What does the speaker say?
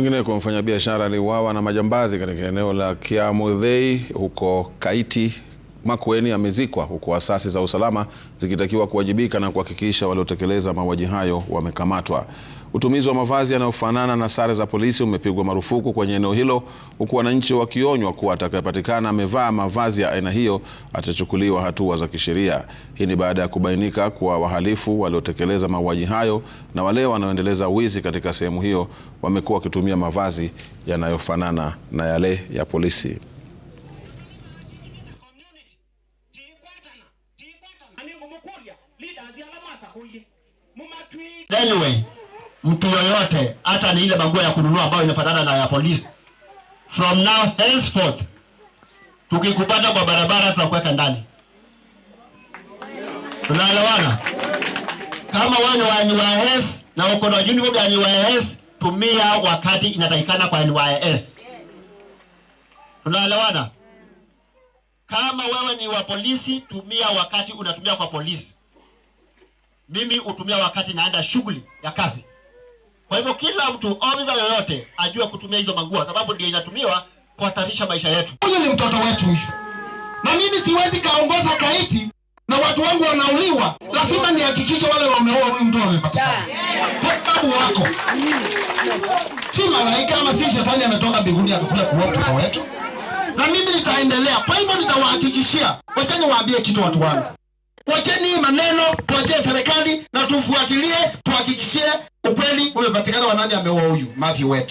Kwingineko, mfanyabiashara aliuawa na majambazi katika eneo la Kiamuthei huko Kaiti Makueni amezikwa huku asasi za usalama zikitakiwa kuwajibika na kuhakikisha waliotekeleza mauaji hayo wamekamatwa. Utumizi wa mavazi yanayofanana na sare za polisi umepigwa marufuku kwenye eneo hilo huku wananchi wakionywa kuwa atakayepatikana amevaa mavazi ya aina hiyo atachukuliwa hatua za kisheria. Hii ni baada ya kubainika kuwa wahalifu waliotekeleza mauaji hayo na wale wanaoendeleza wizi katika sehemu hiyo wamekuwa wakitumia mavazi yanayofanana na yale ya polisi. Anyway, mtu yoyote hata ni ile manguo ya kununua ambayo inafanana na ya polisi, from now henceforth, tukikupata kwa barabara tunakuweka ndani. Tunaelewana? Kama wewe ni wa NYS na uko na uniform ya NYS, tumia wakati inatakikana kwa NYS. Tunaelewana? Kama wewe ni wa polisi, tumia wakati unatumia kwa polisi. Mimi hutumia wakati naenda shughuli ya kazi. Kwa hivyo kila mtu, ofisa yoyote, ajue kutumia hizo mangua, sababu ndio inatumiwa kuhatarisha maisha yetu. Huyu ni mtoto wetu huyu, na mimi siwezi kaongoza kaiti na watu wangu wanauliwa. Lazima nihakikishe wale wameua huyu mtu wamepatikana, kwa sababu wako si malaika ama si shetani ametoka mbinguni akakuja kuua mtoto wetu na mimi nitaendelea. Kwa hivyo nitawahakikishia, wacheni waambie kitu watu wangu, wacheni maneno, tuachie serikali na tufuatilie, tuhakikishie ukweli umepatikana, wanani ameua huyu mavi wetu.